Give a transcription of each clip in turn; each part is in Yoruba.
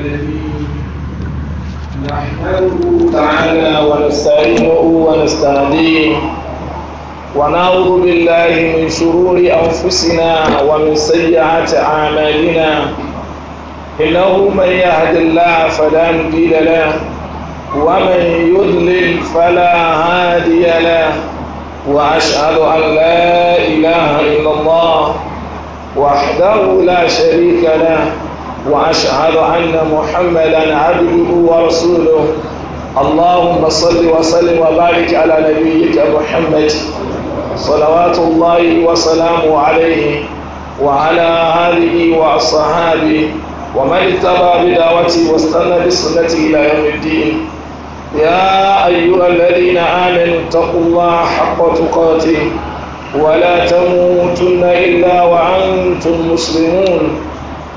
العالمين نحمده تعالى ونستعينه ونستهديه ونعوذ بالله من شرور أنفسنا ومن سيئات أعمالنا إنه من يهد الله فلا مضل له ومن يضلل فلا هادي له وأشهد أن لا إله إلا الله وحده لا شريك له وأشهد أن محمدا عبده ورسوله اللهم صل وسلم وبارك على نبيك محمد صلوات الله وسلامه عليه وعلى آله وأصحابه ومن اتبع بدعوته واستنى بسنته إلى يوم الدين يا أيها الذين آمنوا اتقوا الله حق تقاته ولا تموتن إلا وأنتم مسلمون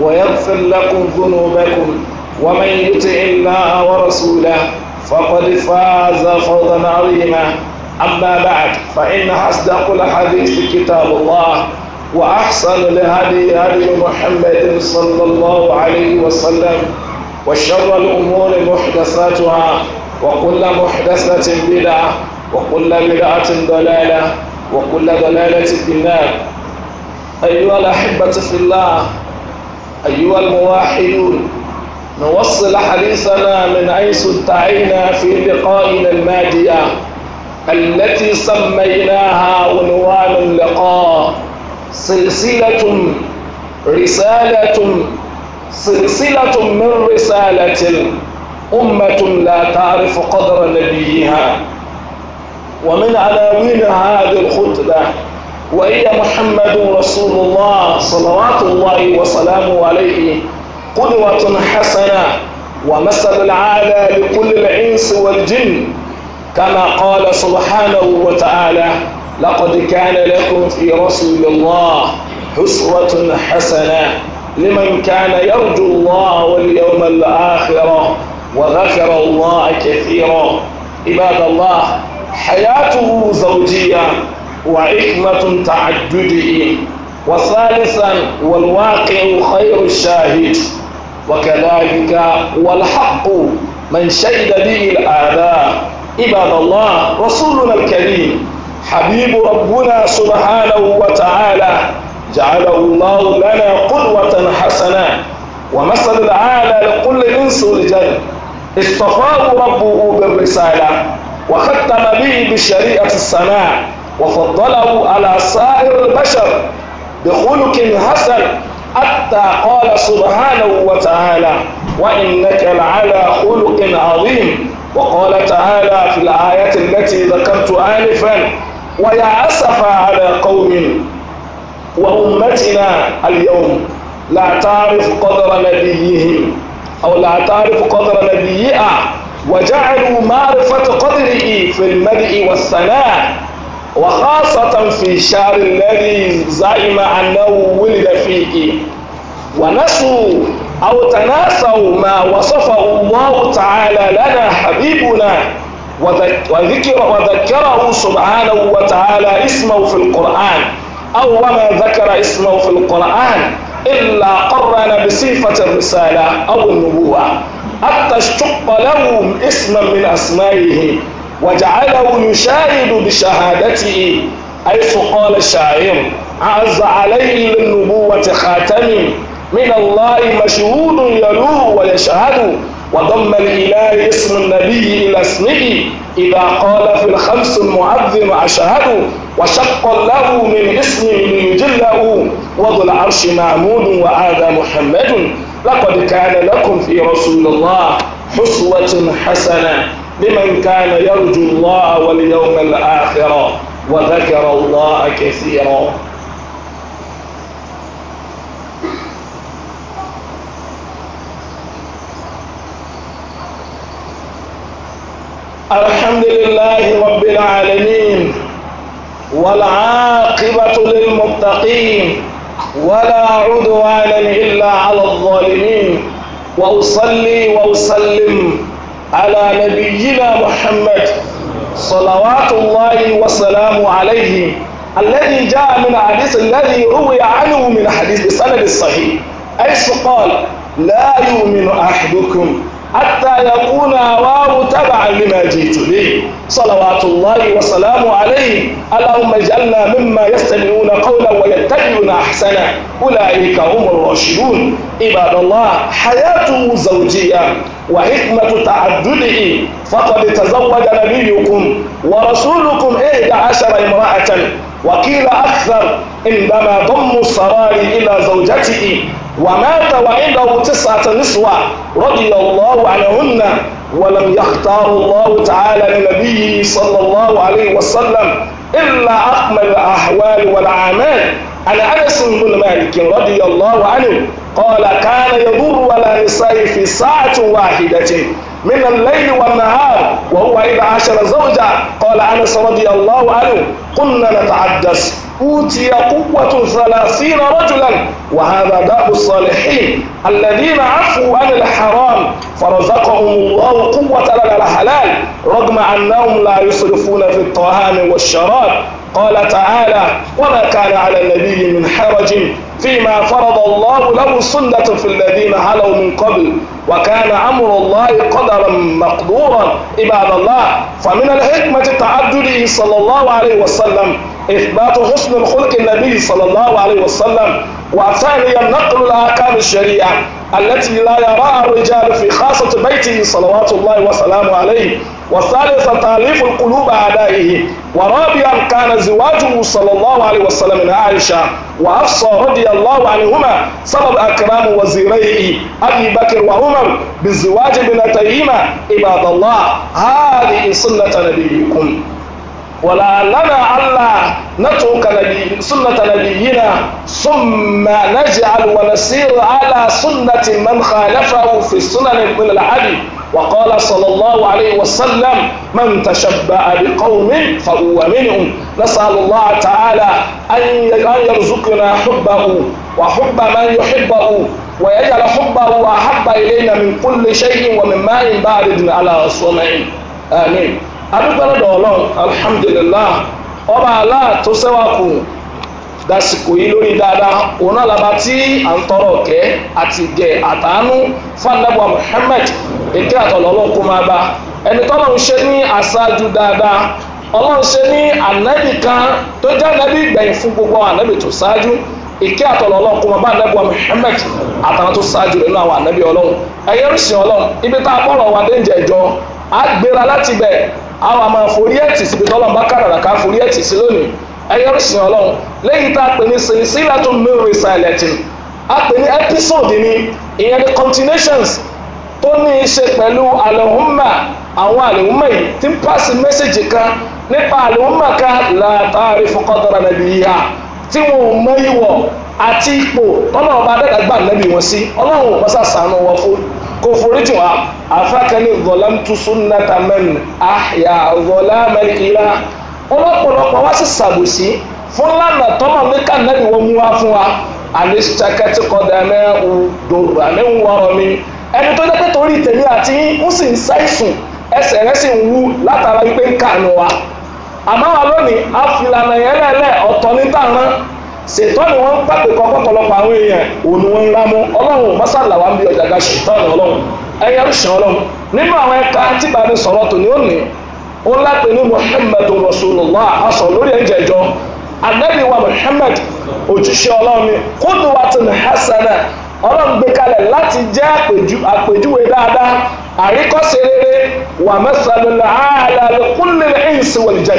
ويغفر لكم ذنوبكم ومن يطع الله ورسوله فقد فاز فوزا عظيما أما بعد فإن أصدق الحديث كتاب الله وأحسن لهدي هدي محمد صلى الله عليه وسلم وشر الأمور محدثاتها وكل محدثة بدعة وكل بدعة ضلالة وكل ضلالة في النار أيها الأحبة في الله أيها الموحدون نوصل حديثنا من حيث انتهينا في لقائنا المادية التي سميناها عنوان اللقاء سلسلة رسالة سلسلة من رسالة أمة لا تعرف قدر نبيها ومن عناوين هذه الخطبة وهي محمد رسول الله صلوات الله وسلامه عليه قدوة حسنة ومثل العالى لكل الإنس والجن كما قال سبحانه وتعالى لقد كان لكم في رسول الله حسوة حسنة لمن كان يرجو الله واليوم الآخر وذكر الله كثيرا عباد الله حياته زوجيه وحكمة تعدده وثالثا والواقع خير الشاهد وكذلك والحق من شهد به الآباء عباد الله رسولنا الكريم حبيب ربنا سبحانه وتعالى جعله الله لنا قدوة حسنة ومثل العالى لكل انس ورجال اصطفاه ربه بالرسالة وختم به بشريعة السماء وفضله على سائر البشر بخلق حسن حتى قال سبحانه وتعالى وإنك لعلى خلق عظيم وقال تعالى في الآية التي ذكرت آنفا ويا اسف على قوم وأمتنا اليوم لا تعرف قدر نبيهم أو لا تعرف قدر نبيها وجعلوا معرفة قدره في المدح والثناء وخاصة في الشهر الذي زعم أنه ولد فيه ونسوا أو تناسوا ما وصفه الله تعالى لنا حبيبنا وذكر وذكره سبحانه وتعالى اسمه في القرآن أو وما ذكر اسمه في القرآن إلا قرن بصفة الرسالة أو النبوة حتى اشتق لهم اسما من أسمائه وجعله يشاهد بشهادته حيث قال الشاعر عز عليه للنبوة خاتم من الله مشهود يلوه ويشهد وضم الإله اسم النبي إلى اسمه إذا قال في الخمس المعظم أشهد وشق له من اسم ليجله وذو العرش معمود وهذا محمد لقد كان لكم في رسول الله حسوة حسنة لمن كان يرجو الله واليوم الآخر وذكر الله كثيرا الحمد لله رب العالمين والعاقبة للمتقين ولا عدوان إلا على الظالمين وأصلي وأسلم على نبينا محمد صلوات الله وسلامه عليه الذي جاء من حديث الذي روي عنه من حديث بسند الصحيح أيش قال لا يؤمن أحدكم حتى يكون هواه تبعا لما جئت به صلوات الله وسلامه عليه اللهم اجعلنا مما يستمعون قولا ويتبعون احسنه اولئك هم الراشدون عباد الله حياته زوجيه وحكمة تعدده فقد تزوج نبيكم ورسولكم إحدى عشر امرأة وقيل أكثر عندما ضم السراري إلى زوجته ومات وعنده تسعة نسوة رضي الله عنهن ولم يختار الله تعالى لنبيه صلى الله عليه وسلم إلا أكمل الأحوال والأعمال عن أنس بن مالك رضي الله عنه قال كان يضر على نسائه في ساعة واحدة من الليل والنهار وهو إذا عشر زوجة قال أنس رضي الله عنه قلنا نتعدس أوتي قوة ثلاثين رجلا وهذا داب الصالحين الذين عفوا عن الحرام فرزقهم الله قوة لنا الحلال رغم أنهم لا يصرفون في الطعام والشراب قال تعالى وما كان على النبي من حرج فيما فرض الله له سنة في الذين هلوا من قبل وكان أمر الله قدرا مقدورا عباد الله فمن الحكمة تعدده صلى الله عليه وسلم إثبات حسن الخلق النبي صلى الله عليه وسلم وثانيا نقل الأحكام الشريعة التي لا يراها الرجال في خاصة بيته صلوات الله وسلامه عليه وثالثا تأليف القلوب أعدائه ورابعا كان زواجه صلى الله عليه وسلم من عائشة وافصى رضي الله عنهما سبب أكرام وزيريه أبي بكر وعمر بالزواج بنتيهما عباد الله هذه سنة نبيكم ولا لنا ألا نترك نبي سنة نبينا ثم نجعل ونسير على سنة من خالفه في السنن من العدل وقال صلى الله عليه وسلم من تشبع بقوم فهو منهم نسأل الله تعالى أن يرزقنا حبه وحب من يحبه ويجعل حبه أحب إلينا من كل شيء ومن ماء بارد على الله آمين adúgbòlódò ọlọ́run alhamdulilah ọba Allah tó ṣẹ́wà kù dasìkò yìí lórí dáadáa òun náà laba tí à ń tọrọ ọ̀kẹ́ àti ìjẹ àtàánú fanabu Muhammad èké àtọ̀lọ́ ọlọ́run kó máa bá ẹni tọ́lọ́ ń ṣe ní aṣáájú dáadáa ọlọ́run ṣe ní ànábì kan tó jẹ́ ànábì gbẹ̀yìn fún gbogbo ànábì tó ṣáájú ìkẹ́ àtọ̀lọ̀ kó máa bá ànábì wa Muhammad àtàwọn tó ṣáájú rẹ̀ àwọn ànábì ọlọ́run ẹ̀yẹ́rìsìn ọlọ́run ibi tá a bọ̀rọ̀ wà dé ìjẹ́jọ́ á gbéra láti bẹ̀ àwa máa forí ẹ̀tì síbi tọ́lọ́n bá kàràrà ká forí ẹ̀tì sí lónìí ẹ̀yẹ́ rìsìn ọlọ́run lẹ́yìn tá a pè ní sèlésílà tó mẹ́rin sàlẹ̀tìn a pè ní episode ni ìyẹn ni continuations tó ní í ṣe pẹ̀lú àlẹ́hùnmá àwọn àlẹ́hùnmá yìí tí ń pàṣẹ mẹ́sẹ̀gì kan nípa àlẹ́hùnmá kan látàrí fọkọ́dọ̀rọ̀ nàbí yíyá tí wọn ò mọ ìwọ̀ àti ipò tọ́lọ́run bá dẹ́gbàgbà nàbí wọn sí ọlọ́run ò pẹ́ kò foríjì wá afákaní zọlámtu sunnata mẹ́rin àyà zọlámẹ́rin ìlà ọlọ́pọ̀lọpọ̀ wá sí sàbòsí fún lánà tọ́mà mẹ́ka nẹ́bí wọ́n mú wá fún wa àníṣàkẹ́tì kọ́dà mẹ́rù dòrò àníwọ̀rọ̀ mi ẹni tó jẹ́ pé torí tèmi àti ń sì ń ṣàìsùn ẹsẹ̀ rẹ̀ sì ń wú látara wípé ń kànú wa àmọ́ wa lónìí àfìlànà yẹn lẹ́lẹ́ ọ̀tọ̀ ní ṣètọ́nù wọn ń pàpè kọ́ pọ́pọ́lọpọ̀ àwọn èèyàn òun wọn ń rámú ọlọ́run ò mọ́sálà wà ń bí ọ̀jàgà ṣètọ́nù ọlọ́run ẹ̀yà ń ṣàn ọlọ́run nínú àwọn ẹ̀ka tí bàbá sọ̀rọ̀ tòní ó ní ó lápè ní Muhammadu Rasulullah aṣọ lórí ẹ̀jẹ̀ ìjọ Ànábì wa Muhammad òjíṣẹ́ ọlọ́run ni qudwatun hasana ọlọ́run gbé kalẹ̀ láti jẹ́ àpèjúwe dáadáa àríkọ́ṣe rere wà mẹ́sàn-án lọ́la àlàlẹ́ kúnlẹ̀ ẹ̀yìn sí wọ̀lìjẹ́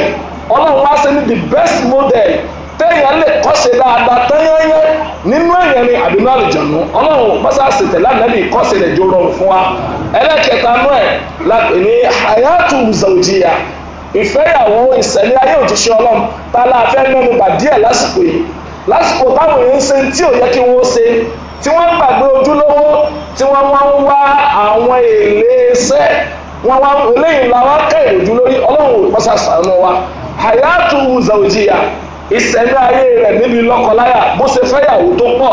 ọlọ́run wá sí ní the best model téèyàn lè kọ́ṣe dáadáa tẹ́yẹ́yẹ́ nínú èèyàn ni àbínú àlùjọ̀nù ọlọ́run pásá ṣètẹ̀ lánàbí kọ́ṣe rẹ̀ jó rọrùn fún wa ẹlẹ́kẹta nú ẹ̀ lápẹ̀ ní hayatu zawjiya ìfẹ́yàwó ìṣẹ̀lẹ̀ ayé òjíṣẹ́ ọlọ́run mẹ́nu bà díẹ̀ lásìkò yìí lásìkò táwọn èèyàn ń ṣe tí ò yẹ kí wọ́n ṣe tí wọ́n gbàgbé ojúlówó tí wọ́n wá ń wá àwọn èlé iṣẹ́ wọ́n wá eléyìí làwọn kẹ́ ìṣẹ̀lẹ̀ ayé rẹ̀ níbi lọ́kọláya bó ṣe fẹ́yàwó tó pọ̀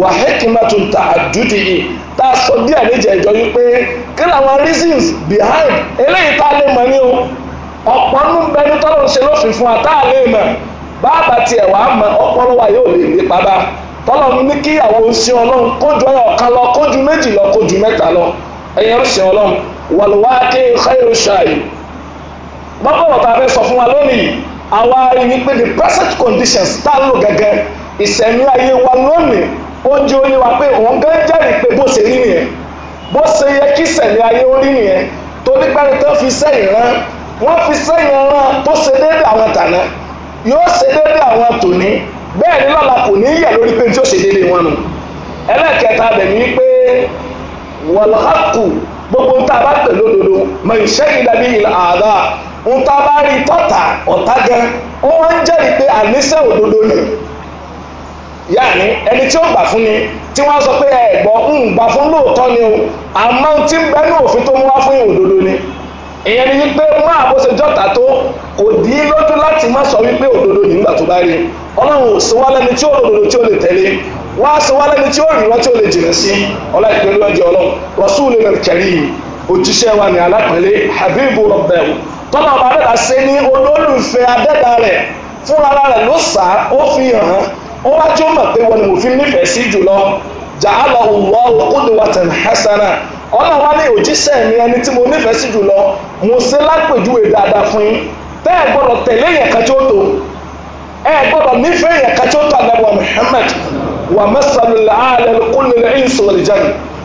wà hekimatu ta àdúdì yìí tá a sọ díẹ̀ níjẹ ìjọ yìí pé kí làwọn reasons behind eléyìí tá a lè mọ̀ ní o ọ̀pọ̀ ń bẹni tọ́lọ̀ ń ṣe lófin fún wa tá a lè mọ̀ bàbá tiẹ̀ wàá mọ̀ ọpọlọ wa yóò lè lè pàbá tọ́lọ̀ ní kí àwọn oṣù ọlọ́run kójú ọ̀kan lọ kójú méjì lọ kójú mẹ́ta lọ ẹ̀yẹ oṣù ọlọ́run wàlúwà kí n xẹ́yìn oṣù àyè bọ́pọ̀ wọ̀ta sọ fún wa lónìí àwa rí ni pé the present conditions tá a lò gẹ́gẹ́ ìsẹ̀mí ayé wa lónìí ó jẹ́ ó yé wa pé òun gán jẹ́rìí pé bó ṣe rí nìyẹn bó ṣe yẹ kí ìsẹ̀mí ayé ó rí nìyẹn torí pẹ́rẹ́ tó fi sẹ́yìn rán wọ́n fi sẹ́yìn rán tó ṣe déédéé àwọn tàná yóò ṣe déédéé àwọn tòní bẹ́ẹ̀ ni lọ́la kò ní yẹ̀ lórí pé tí ó ṣe déédéé wọn nù ẹlẹ́ẹ̀kẹta bẹ̀ ni pé wọ́lọ́kù gbogbo ń tá a bá pè lódodo mọ̀ ìṣẹ́yìn dàbí ìlà àdá ń tọ́ bá rí tọ́ta ọ̀tá gan wọ́n wá ń jẹ́rìí pé òdodo ni yáàní ẹni tí ó gbà fún ni tí wọ́n sọ pé ẹ̀gbọ́n ń gbà ni o àmọ́ tí ń bẹ́nu òfin tó mú wá fún òdodo ni ìyẹn ni wípé máa bó ṣe jọ́ta tó kò dí lójú láti má sọ wípé òdodo nígbà tó bá rí ọlọ́run ò sọ wá lẹ́ni tí ó lòdòdó tí ó lè tẹ̀lé wá sọ wá lẹ́ni tí ó rìn tí ó lè jìnà sí ọlọ́run tọ́lá ọba adẹ́ta ṣe ní olólùfẹ́ adẹ́ta rẹ̀ fúnra rẹ̀ ló sà á ó fi hàn ó wá jó mọ̀ pé wọn ni mo fi nífẹ̀ẹ́ sí jùlọ jàálà òwò òkúdùwàtàn hasana ọlọ́run wá ní òjíṣẹ́ mi ẹni tí mo nífẹ̀ẹ́ sí jùlọ mo ṣe lápèjúwe dáadáa fún yín tẹ́ ẹ gbọ́dọ̀ tẹ̀lé yẹn kan tí ó tó ẹ gbọ́dọ̀ nífẹ̀ẹ́ yẹn kan tí ó tó àdàbọ̀ Muhammad wà mẹ́sàlùlá àlẹ́ kúlẹ̀ ẹ̀ ń sọ̀rọ̀ ìjáde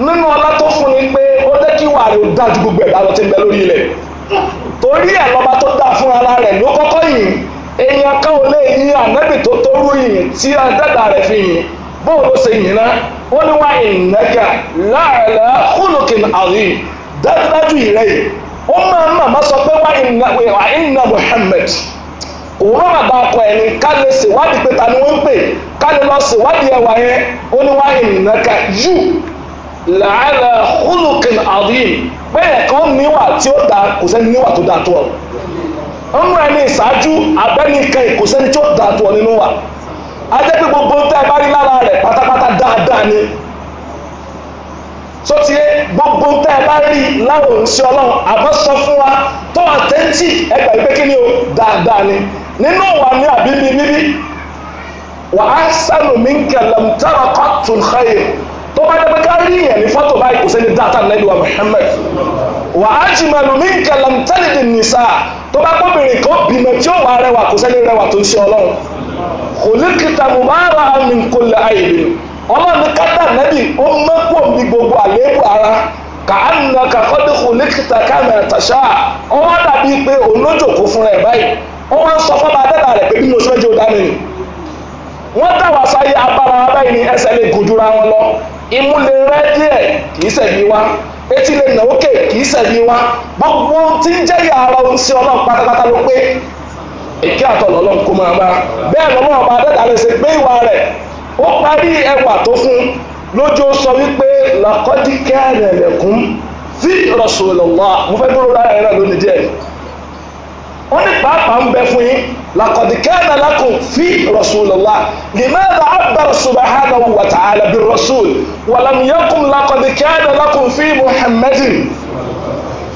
nínú ọlá tó fún ni pé ó jẹ́ kí wàá rẹ̀ ó dájú gbogbo ẹ̀dá lọ ti ń bẹ lórí ilẹ̀ torí ẹ̀ lọ́ba tó dá fún ara rẹ̀ ló kọ́kọ́ yìn èèyàn kan ò lè yìn ànábì tó tó rú yìn tí àdàdà rẹ̀ fi yìn bóun ló ṣe yìn náà ó ní wá ìnága láàrẹ̀ húlùkìn àríyìn dájúdájú ìrẹ́ yìí ó máa ń màmá sọ pé wá ìnà Muhammad òwúrọ̀ bàbá ọkọ ẹ̀ ní ká lè ṣèwádìí pé ta ni wọ́n ń pè ká lè lọ ṣèwádìí ẹwà yẹn ó ní wá ìnága yù làálà húlùkìn àdìm bẹ́ẹ̀ kan níwà tí ó da kò sẹ́ni níwà tó da tó ọ nínú ẹni ìṣáájú abẹ́nìkan kò sẹ́ni tó da tó ọ nínú wa ajẹ́ pé gbogbo tẹ́ ẹ bá rí lára rẹ̀ pátápátá dáadáa ni tó ti yé gbogbo tẹ́ ẹ bá rí láwọn òǹṣẹ́ ọlọ́run àbọ̀ sọ fún wa tó àtẹ́ntì ẹgbà yìí pé kí ni o dáadáa ni nínú wa ní àbí mi níbí wà á sálò mí kẹlẹ̀ tó bá dẹ́gbẹ́ ká rí yẹn ní fọ́tò báyìí kò sẹ́ni dáta nàbí wa Muhammad wà á jì màlúù mí kàlàm tẹ́lẹ̀dì nìsà tó bá kóbìnrin kan bímọ tí ó wà rẹwà kò sẹ́ni rẹwà tó ń ṣe ọlọ́run kò ní kìtà mú bá ra àmì kò lè àyè mi ọlọ́run kátà nàbí ó mọ́ pọ̀ ní gbogbo àléébù ara kàánà kàkọ́dé kò ní kìtà kámẹ́rà tàṣà ọwọ́ dàbí pé òun ló jòkó fúnra ẹ̀ báyìí ó wá sọ fọ́ba adẹ́ta rẹ̀ pé bí mo ṣe jẹ́ òdánù wọ́n dáwà sáyé abára abáyé ni ẹsẹ̀ lè gùdúra wọn lọ imú lè rẹ́ díẹ̀ kì í ṣẹ̀bi wá etí lè nà ókè kì í ṣẹ̀bi wá gbogbo tí ń jẹ́yà ara ohun sí ọlọ́run pátápátá ló pé èké àtọ̀lọ́ ọlọ́run kó máa bá bẹ́ẹ̀ lọ́mọ ọba adẹ́ta lè ṣe gbé ìwà rẹ̀ ó parí ẹwà tó fún lójó sọ wípé làkọ́dí kẹ́rẹ̀ẹ́rẹ̀kún fi Rasulullah mo fẹ́ dúró lára ó ní pàápàá ń bẹ fún yín laqad kana lakum fi rasulillah limadha abbara subhanahu wa ta'ala bir rasul wa lam yakun laqad kana lakum fi muhammadin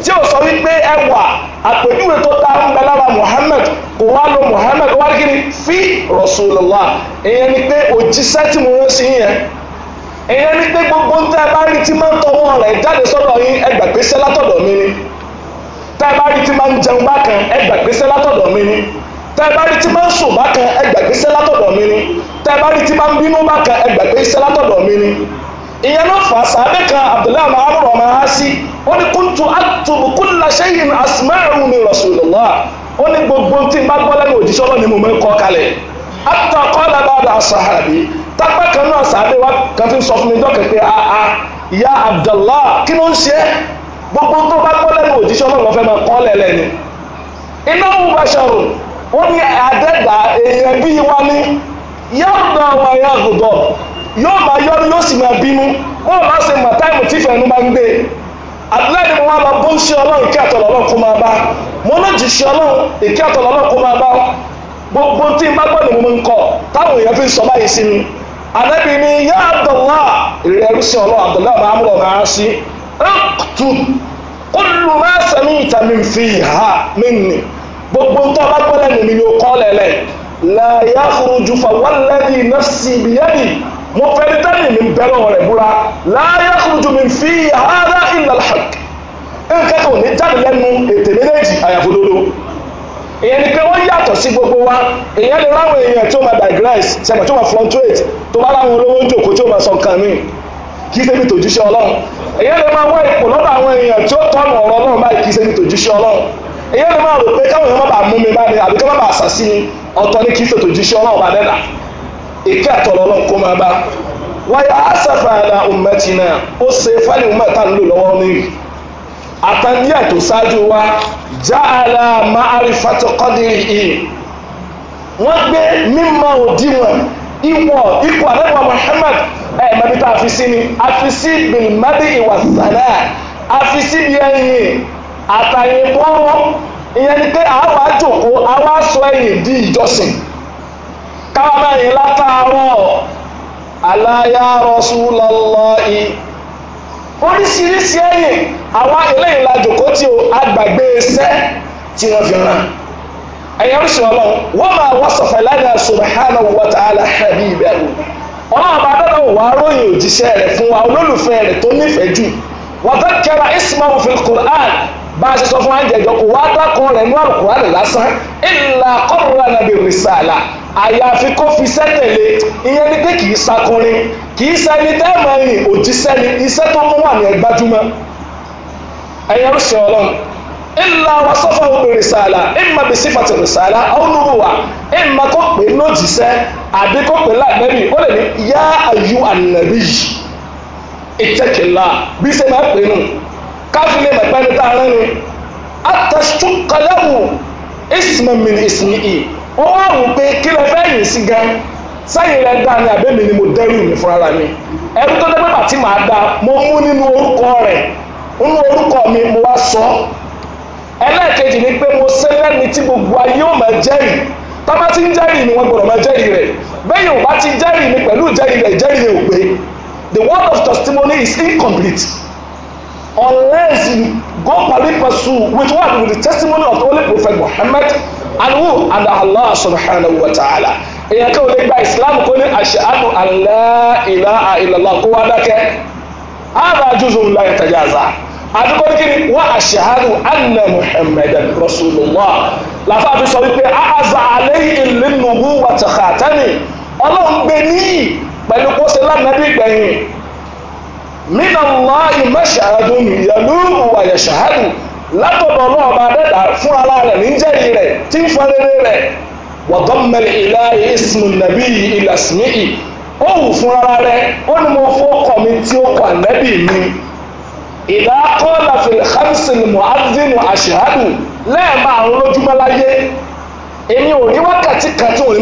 tí ó sọ wípé ẹwà àpèjúwe tó ta ń bẹ lára muhammed kò wá lo muhammed wá kí ni fi rasulillah ìyẹn ni pé òjíṣẹ́ tí mo rán sí yẹn ìyẹn ni pé gbogbo ń tẹ́ bá rí tí máa ń tọwọ́ rẹ̀ jáde sọ́dọ̀ yín ẹgbàgbéṣẹ́ látọ̀dọ̀ mi ni tẹ́ bá rí tí máa ń jẹun bákan ẹ gbàgbésẹ́ látọ̀dọ̀ mi ni tẹ́ bá rí tí máa ń sùn bákan ẹ gbàgbésẹ́ látọ̀dọ̀ mi ni tẹ́ bá rí tí máa ń bínú bákan ẹ gbàgbésẹ́ látọ̀dọ̀ mi ni. ìyẹn ló fà á sàbẹ̀ kan abdullahi muhammadu ọmọ ha sí ó ní kuntu atubu kulla shay'in asma'u min rasulillah ó ní gbogbo tí n bá gbọ́ lẹ́nu òjíṣẹ́ ọlọ́ni mo máa ń kọ́ kalẹ̀ hatta ya abdullah kí ló ń ṣe gbogbo tó bá gbọ́ lẹ́nu òjíṣẹ́ ọlọ́run iná mubasharu wọ́n ní àdẹ́gbà èèyàn bíi wá ní yàgbà ọmọ ẹ̀yà àgùdọ̀ yóò máa yọrí yóò sì máa bínú wọ́n máa ṣe mọ̀ táìmù tífẹ̀ ẹnu máa ń gbé àdúláyé mo máa lọ bó ń ṣe ọlọ́run ìkẹ́ àtọ̀lọ́ ọlọ́run kó máa bá mo ṣe ọlọ́run àtọ̀lọ́ ọlọ́run kó máa bá gbogbo tí n bá gbọ́ ni mo ń kọ táwọn èèyàn fi ń sọ báyìí sí mi àdẹ́bí ni yá àdọ̀lá gbogbo tó bá gbọ́ lẹ́nu mi ni ó kọ́ lẹ́lẹ̀ láyà fúrujú fa wálẹ́bí nọ́ọ̀sì ìbíyẹ́bì mo fẹ́ ní tẹ́lẹ̀ mi bẹ̀rẹ̀ rẹ̀ búra láyà fúrujú mi fi hàrá ìlàlhàk nǹkan tó ní jáde lẹ́nu ètè méjèèjì àyàfódodo ìyẹn ni pé wọ́n yàtọ̀ sí gbogbo wa ìyẹn ni láwọn èèyàn tó máa digress sẹ́gbẹ̀ tó máa fluctuate tó bá láwọn olówó ń jòkó tí ó máa sọ nǹkan mi kì í ṣe ní tòjúṣe ọlọ́run ìyẹn ni máa wá ipò lọ́dọ̀ àwọn èèyàn tí ó ọ̀rọ̀ ọlọ́run báyìí kì í ṣe ní tòjúṣe ọlọ́run ìyẹn lè máa rò pé káwọn èèyàn má bàa mú mi bá mi àbí ká má bàa sà sí mi ọ̀tọ̀ ní kí tètò jíṣẹ́ ọlọ́run bá dẹ́dà ìkẹ́ àtọ̀rọ̀ ọlọ́run kó máa bá wáyà àṣàfà àlà ummatina ó ṣe fáìlì mẹ́ta ń lò lọ́wọ́ ní àtàndíà tó ṣáájú wa já àlà ma'arifatu qadiri yìí wọ́n gbé mímọ òdiwọ̀n ìwọ̀ ipò àlẹ́wà Muhammad ẹ̀ mẹ́bí tá a fi sí ni a fi sí bìlmádì ìwà sàlẹ̀ a fi sí bí ẹyin àtàyè bọ́rọ̀ ìyẹn ni pé àwa jòkó àwa sọ ẹ̀yìn di ìjọsìn káwa máa yẹn látàárọ̀ aláyà Rasulullahi oríṣiríṣi ẹ̀yìn àwa eléyìí la jòkó tí o agbàgbé iṣẹ́ tí wọ́n fi ràn ẹ̀yẹ oríṣi ọlọ́run wọ́n máa wọ́n sọ̀fẹ̀ lánàá subhanahu wa ta'ala habibahu ọlọ́run bá dáná wàá ròyìn òjíṣẹ́ rẹ̀ fún wa olólùfẹ́ rẹ̀ tó nífẹ̀ẹ́ jù wọ́n tẹ́ kẹ́ra ismahu fil Qur'an bá a ṣe sọ fún àjẹjọ kò wá dákun rẹ̀ ní àlùkùránì lásán ìlà kọ́rọ̀lá nàbẹ̀ rìsàlà àyàfi kó fi sẹ́tẹ̀lé ìyẹn ni pé kì í sakunrin kì í sẹ́ni tẹ́ẹ̀mọ̀ ẹ̀yìn òjíṣẹ́ ni iṣẹ́ tó mú wà ní ẹgbájúmọ́ ẹ̀yẹ ń ṣe ọlọ́run ìlà wasọ́fà rìsàlà ìmọ̀ bí sífàtì rìsàlà ọ̀nùwà ìmọ̀ kó pè ní òjíṣẹ́ àbí kó pè láàbẹ̀bì ó lè ní yá àyù ànàbí yìí ìtẹ́kìlá bí sẹ́ máa pè nù káfí lè mọ̀ pẹ́ni tá a rán ni àtàṣù kọlẹ́wù ismamin ismi i wọ́n wá wò pé kí lọ fẹ́ yìn sí gan sẹ́yìn rẹ̀ dáa ni àbẹ́mi ni mo dẹ́rù mi fúnra mi ẹ̀rú tó dẹ́gbẹ́ bàtí màá da mo mú nínú orúkọ rẹ̀ nínú orúkọ mi mo wá sọ ẹlẹ́ẹ̀kejì ni pé mo ṣe lẹ́ni tí gbogbo ayé ò máa jẹ́rìí tọ́ba ti ń jẹ́rìí ni wọ́n gbọ́dọ̀ máa jẹ́rìí rẹ̀ bẹ́ẹ̀ yóò bá ti jẹ́rìí ni pẹ̀lú ìjẹ́rìí rẹ̀ ìjẹ́rìí rẹ̀ ò pé the word of testimony is incomplete unless you go pali pursue with what with the testimony of the holy prophet muhammad and who and allah subhanahu wa ta'ala èèyàn kan ò gba islam kó ní ashhadu an la ilaha illallah kó wá dákẹ́ hada juz'un la yatajaza àdúgbò ní kíni wá ashhadu anna muhammadan rasulullah làfàbí sọ wípé àhàzà àlẹ́yìn lẹ́nu wà tàkàtà ni ọlọ́run gbé níyì pẹ̀lú kó ṣe lánàá bí gbẹ̀yìn mina Allahi mashhadun yaluhu wa yashhadu látọ̀dọ̀ náà bá dẹ́ta fún ara rẹ̀ ní jẹ́rìí rẹ̀ tí ń fẹ́rẹ́rẹ́ rẹ̀ wọ̀dọ́mẹ́lì ilahi ismu nàbí ìlàsímìí ó wù fún ara rẹ̀ ó ní mo fọ́kọ̀ mi tí ó kọ̀ nẹ́bì mi ìlà kọ́lá fil khamsin mu'adhdhinu ashhadu lẹ́ẹ̀ma àrùn lójúmọ́ láyé èmi ò ní wákàtí kan tí òun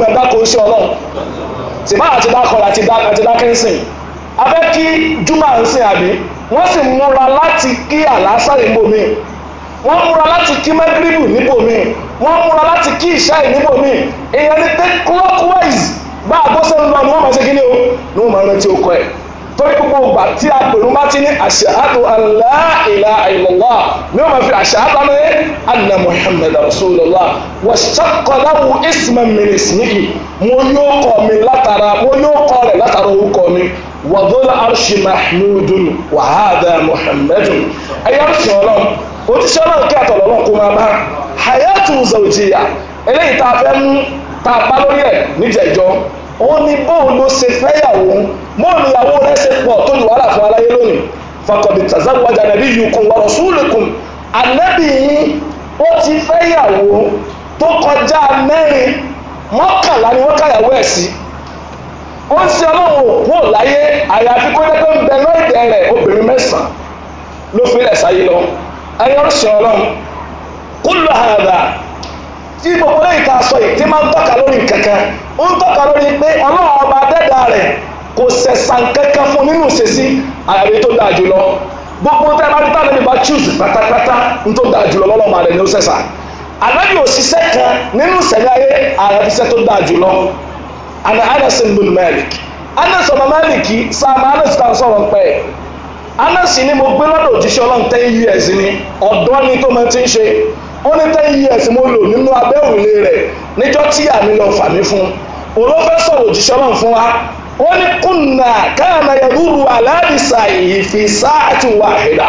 ní abẹ́ kí juma ń sìn àbí wọ́n sì múra láti kí àlásà níbòmí wọ́n múra láti kí mẹ́gírìbù níbòmí wọ́n múra láti kí ìṣáì níbòmí ìyẹn ni pé clockwise bá àgbọ́sẹ̀ ń lọ ni wọ́n máa ṣe kí ni o ni wọ́n máa rántí okọ̀ ẹ̀ torí gbogbo ìgbà tí a pèrú bá ti ní àṣàhàtò aláìlà ìlọ́lá ni wọ́n máa fi àṣàhàtò ní anna muhammed rasulullah wà ṣàkọláwù ismail mìíràn sí yìí mo yóò kọ́ mi látara mo yóò kọ́ rẹ̀ látara orúkọ mi wàdúl arṣi mahmudun wàhádà muhammadun ẹ̀yà arṣi ọlọ́run òtíṣẹ́ ọlọ́run kí àtọ̀ lọ́wọ́ kó máa bá hayatu zawjiya eléyìí tá a fẹ́ mú tá a bá lórí ẹ̀ níjẹ̀jọ́ ó ní bóun ló ṣe fẹ́yàwó bóun ìyàwó rẹ̀ ṣe pọ̀ tó ní wàhálà fún aláyé lónìí fakọ̀dì tàzáwájà nabiyyukum wa rasulukum ànábì yín ó ti fẹ́yàwó tó kọjá mẹ́rin mọ́kànlá ni wọ́n káyàwó ẹ̀ sí ó ń ṣe ọlọ́run òkú láyé àyàfi kó jẹ́ pé ń bẹ lọ́ọ̀dẹ̀ rẹ̀ obìnrin mẹ́sàn-án ló fi lẹ̀ sáyé lọ ẹ̀yọ́ ṣe ọlọ́run kó lọ àdá tí gbogbo lẹ́yìn tá a sọ yìí tí máa ń tọ́ka lórí kankan ó ń tọ́ka lórí pé ọlọ́run ọba dẹ́dà rẹ̀ kò sẹ̀sàn kankan fún nínú ìṣesí àyàfi tó dáa jùlọ gbogbo tẹ́ bá dá lẹ́yìn bá chúùsì pátápátá ń tó dáa jùlọ lọ́lọ́mọ rẹ̀ ní ó sẹ̀sà àlẹ́ yóò ṣiṣẹ́ kan nínú ìṣẹ̀lẹ̀ ayé àyàfi iṣẹ́ tó dáa jùlọ ana Anas bin Malik Anas ọmọ Malik saa Anas tá à ń Anas ni mo gbé lọ́dọ̀ òjíṣẹ́ Ọlọ́run ten years ni ọ̀dọ́ ni tó ti ń ṣe ó ní ten years mo lò nínú abẹ́ òrùlé rẹ̀ níjọ́ tí àmì lọ fà mí fún òun ló fẹ́ sọ̀rọ̀ òjíṣẹ́ fún wa ó ní kùnà káàmà aláàbìsà wàhídà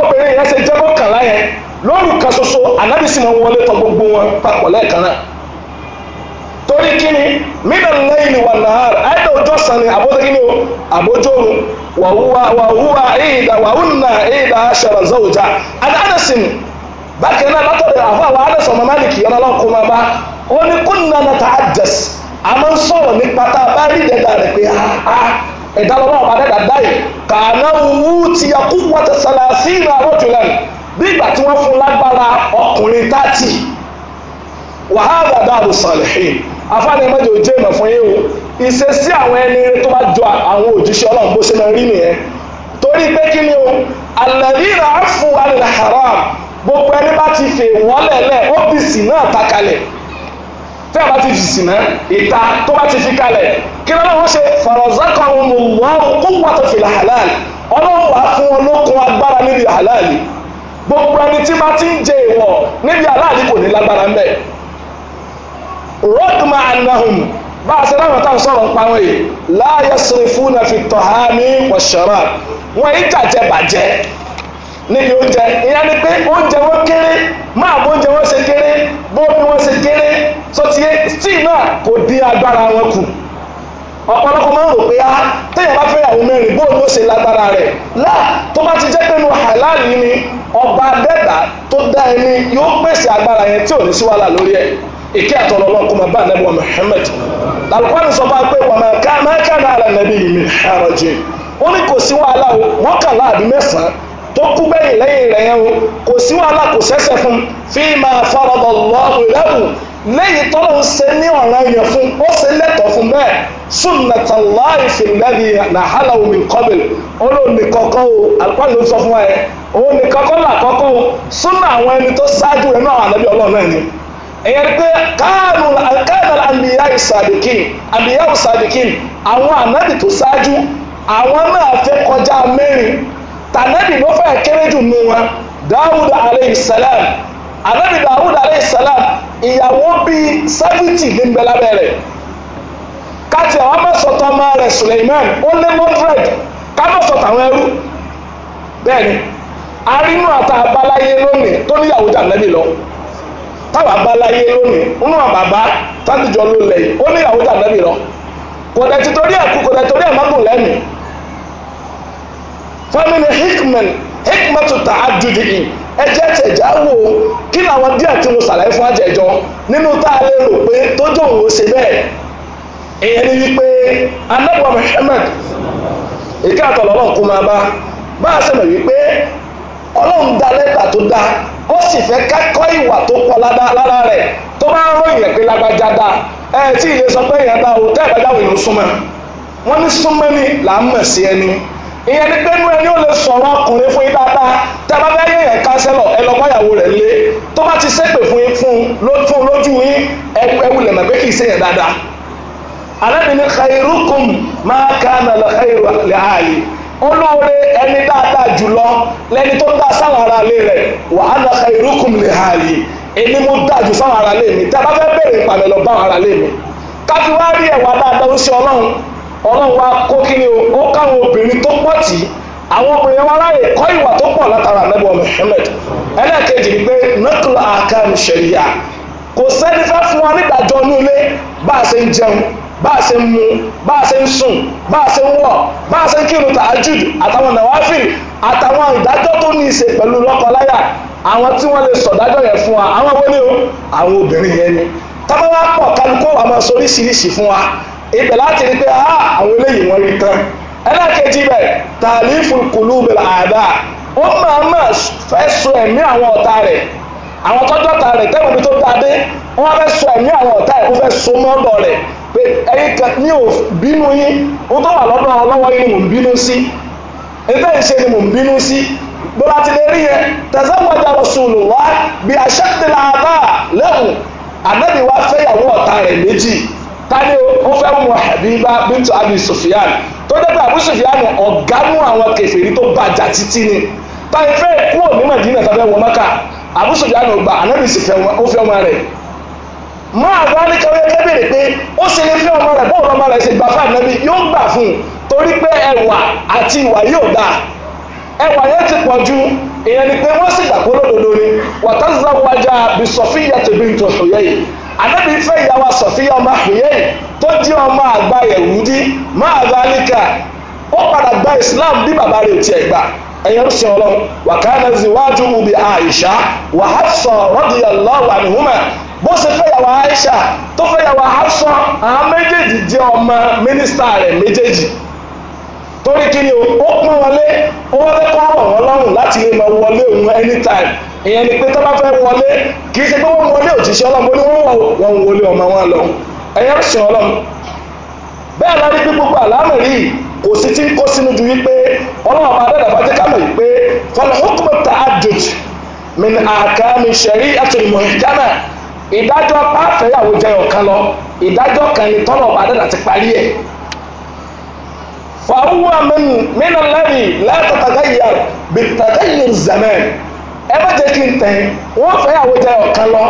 obìnrin yẹn ṣe jẹ́ yẹn gbogbo wọn papọ̀ lẹ́ẹ̀kan náà torí kí ni mílíọ̀nù lẹ́yìn ni wàhálà àìdá ojú ọ̀sán ni àbójú kí ni o àbójú oorun wàhúwa ìdá wàhúnà ìdá aṣọra zọ́ọ̀já àti adẹ́sìn bákan náà látọ̀dọ̀ àfọ àwọn adẹ́sìn ọmọ máàlìkì yọ̀nà lọ́kùn máa bá ó ní kúnnà náà ta àjẹs a máa ń sọ̀rọ̀ nípa tá a bá rí ìdẹ́dà rẹ̀ pé ah, ah, ẹ̀dá lọ́wọ́ ọba dẹ́dà dáì kàánà wú ti yakú wọ́tẹ̀ sàlàsí ìrìn àrọ́jùlẹ̀ afáàní mọ́jọ jẹ́ ìmọ̀ fún yín o ìṣesí àwọn ẹni tó bá jọ àwọn òjíṣẹ́ ọlọ́run bó ṣe máa rí nìyẹn torí pé kí ni o alladhina afu anil haram gbogbo ẹni bá ti fè wọ́n lẹ̀lẹ̀ ọ́fíìsì náà ta kalẹ̀ tẹ́ ẹ̀ bá ti fìsì náà ìta tó bá ti fi kalẹ̀ kí ló lọ́wọ́ ṣe farazaqahumullahu quwwatan fil halal ọlọ́run wàá fún wọn lókun agbára níbi halal gbogbo ẹni tí bá ti ń jẹ ìwọ̀ níbi halal kò ní lágbára ń bẹ̀ rọ́gbà ànàhùn bá a ṣe láwọn táwọn sọ̀rọ̀ ń pa wọn yìí láàyè sèrèfúnà fi tọ̀há ní wọ̀ṣọ̀rọ̀ wọn yìí jàjẹ bàjẹ́ níbi oúnjẹ ìyá ni pé oúnjẹ wọn kéré máa bó oúnjẹ wọn ṣe kéré bó omi wọn ṣe kéré tó ti yé stíì náà kò dín agbára wọn kù ọ̀pọ̀lọpọ̀ máa ń rò pé á ah, téèyàn bá fẹ́ ìyàwó mẹ́rin bóun ló ṣe lágbára rẹ̀ láà tó bá ti jẹ́ pé nu halal ni ọba adẹ́dà tó dá ẹni yóò pèsè agbára yẹn tí ò ní sí wàhálà lórí ẹ̀ ìkẹ́ àtọ̀rọ̀ ọlọ́run kó máa bá ànábì wa Muhammad lálùkọ́ni sọ fún wa pé wàmà ká máa ká náà rà nàbí yìí mi àròjì ó ní kò sí wàhálà o mọ́kànlá àbí mẹ́sàn-án tó kú bẹ́yìn lẹ́yìn rẹ̀ yẹn o kò sí wàhálà kò sẹ́sẹ̀ fún fi máa fọ́rọ̀bọ̀ lọ́rùn lẹ́rù lẹ́yìn tọ́lọ́ ń ṣe ní ọ̀ràn yẹn fún ó ṣe lẹ́tọ̀ọ́ fún bẹ́ẹ̀ sunnatallahi fil ladhi nahalaw min qabl olóòní kọ́kọ́ o alùpàdé ló sọ fún wa yẹn òun ní kọ́kọ́ là kọ́kọ́ o súnà àwọn ẹni tó ṣáájú rẹ̀ náà ànábì ọlọ́run náà ẹ̀yẹn pé káàlù àmìyá ìsàdìkì àmìyá ìsàdìkì àwọn ànábì tó ṣáájú àwọn náà fẹ́ kọjá mẹ́rin tànábì ló fẹ́ kéré jù nù wọn dáwùd aleyhisselam ànábì dáwùd aleyhisselam ìyàwó bíi sẹ́fìtì ní nbẹ́lábẹ́ rẹ̀ káàtì àwọn amẹ́sọ̀tọ́ ọmọ rẹ̀ suleiman ó lé mọ́tírẹ̀d kámẹ́sọ̀tọ́ àwọn ẹrú bẹ́ẹ̀ ni arínú àtàbáláyé lónìí tó níyàwó jà nẹ́bì lọ táwa bá láyé lónìí nínú àwọn bàbá ló lẹ̀ yìí ó ní ìyàwó tàbí lọ kò dẹ̀ ti torí ẹ̀kú kò dẹ̀ torí hickman hikmatu ta adudi in ẹjẹ́ tẹ̀já wo kí làwọn díẹ̀ tí mo ṣàlàyé fún àjẹjọ nínú tá a lè rò pé tójú òun ó ṣe bẹ́ẹ̀ èyàn ni wípé máa bá bá a wípé ó sì fẹ́ kẹ́kọ̀ọ́ ìwà tó pọ̀ lára rẹ̀ tó bá ń ròyìn rẹ̀ pé lágbájá dáa ẹ tí ìyẹn sọ pé ìyẹn dáa o tẹ́ ìbájá wò ló súnmọ́ wọ́n ní súnmọ́ ni là ń mọ̀ sí ẹni ìyẹn ni pé inú ẹni ó lè sọ̀rọ̀ ọkùnrin fún yín dáadáa tẹ́ bá fẹ́ yẹ yẹn kánsẹ́lọ̀ ẹ lọ báyàwó rẹ̀ lé tó bá ti ṣépè fún yín fún un lójú yín ẹ wulẹ̀ mọ̀ pé kì í ṣe yẹn dáadáa alábìnrin khairukum máa kánà lọ khairu lẹ́hàlì olóore ẹni dáadáa jùlọ lẹni tó dá sáwọn ará ilé rẹ̀ wà á nà ka irúkùn lè ha yìí èmi mo dáa jù sáwọn ará ilé mi tí a bá fẹ́ bèrè ìpàdé lọ bá àwọn ará ilé mi káfí wá rí ẹ̀wà dáadáa ó ṣe ọlọ́run ọlọ́run wa kó kí ni ó káwọn obìnrin tó pọ̀ tì í àwọn obìnrin wa láyè kọ́ ìwà tó pọ̀ látara ànábì Muhammad ẹlẹ́ẹ̀kejì ni pé nọ́kùlà àkàrùn ṣẹ̀ríà kò sẹ́ni fẹ́ fún wa nídàjọ́ inú bá a ṣe ń jẹun bá a ṣe ń mu bá a ṣe ń sùn bá a ṣe ń wọ̀ bá a ṣe ń kírun tàájùd àtàwọn nàwáfìl àtàwọn ìdájọ́ tó ní í ṣe pẹ̀lú lọ́kọláya àwọn tí wọ́n lè sọ̀dájọ́ yẹn fún wa àwọn wọlé o àwọn obìnrin yẹn ni tábà wá pọ̀ kálukó wa máa soríṣiríṣi fún wa ibẹ̀ láti rí pé ah àwọn eléyìí wọ́n rí tán ẹlẹ́kẹ̀jì bẹ̀ tàlífù kùlù bẹ̀rẹ̀ àdá ó máa máa fẹ́ so ẹ̀mí àwọn ọ̀tá rẹ̀ àwọn tọ́jú ọ̀tá rẹ̀ tẹ́wọ̀n mi tó ta dé wọ́n fẹ́ sọ ẹ̀mí àwọn ọ̀tá ẹ̀kú fẹ́ so mọ́ ọ̀dọ̀ rẹ̀ pé ẹ̀yin kan ní ò bínú yín ó tó wà lọ́dọ̀ ọlọ́wọ́ yín ni mò ń bínú sí ẹgbẹ́ ìṣe ni mò ń bínú sí bọ́lá ti lè rí yẹn tẹ̀sánwájà Rasulullah bí aṣẹ́tìlá àbá lẹ́hùn ànábì wa fẹ́yàwó ọ̀tá rẹ̀ méjì tani ó fẹ́ mú Habiba bíntu Abi Sufyan tó dẹ́ pé Abu Sufyan ọ̀gá mú àwọn kèfèrí tó bàjá títí ni táyì fẹ́ kúrò ní Mẹ̀dínà tàbí ẹ̀wọ̀n Mẹ́kà àbúṣọjà náà gbà anabi si ofe ọma máa bá ní pé ó sì fẹ́ ọmọ ọmọ sì yóò gbà fún un torí pé ẹwà àti ìwà yóò ẹwà yẹn ti pọ̀ ju ìyẹn ni pé wọ́n sì gbà ni wájà bí sọfíyà yìí fẹ́ ìyàwó sọfíyà ọmọ yìí tó ọmọ àgbà máa bá ní ká ó padà ẹ̀yẹn sìn ọlọ́run wà káàdà zìwájú ubi àìṣá wà hafsa radiyallahu anhuma bó ṣe fẹ́yàwó àìṣá tó fẹ́yàwó hafsa àwọn méjèèjì jẹ́ ọmọ mínísítà rẹ̀ méjèèjì torí kí ni ó pọ́n wọlé ó wọlé kọ́ ọ̀rọ̀ wọn lọ́rùn láti lè máa wọlé òun anytime ìyẹn ni pé tó bá fẹ́ wọlé kì í ṣe pé wọ́n wọlé òjíṣẹ́ ọlọ́run ní wọ́n wọlé ọmọ wọn lọ ẹ̀yẹn sìn ọlọ́run bẹ́ẹ̀ lọ rí àlámẹ̀rí yìí kò sí tí kó sínú ju wípé ọlọ́run bá dẹ́dà bá jẹ́ ká mọ̀ wípé fọlọ́hùkùmù ta'addud min ahkami shari'atil muhkama ìdájọ́ pàfẹ́yàwó jẹ́ ọ̀kan lọ ìdájọ́ kan ni tọ́lọ̀ bá dẹ́dà ti parí ẹ̀ fàáwù àmì mìíràn lẹ́bi látàtàgáyà bìtàgáyà zaman ẹ bá jẹ́ kí n tẹ̀ wọ́n fẹ́yàwó jẹ́ ọ̀kan lọ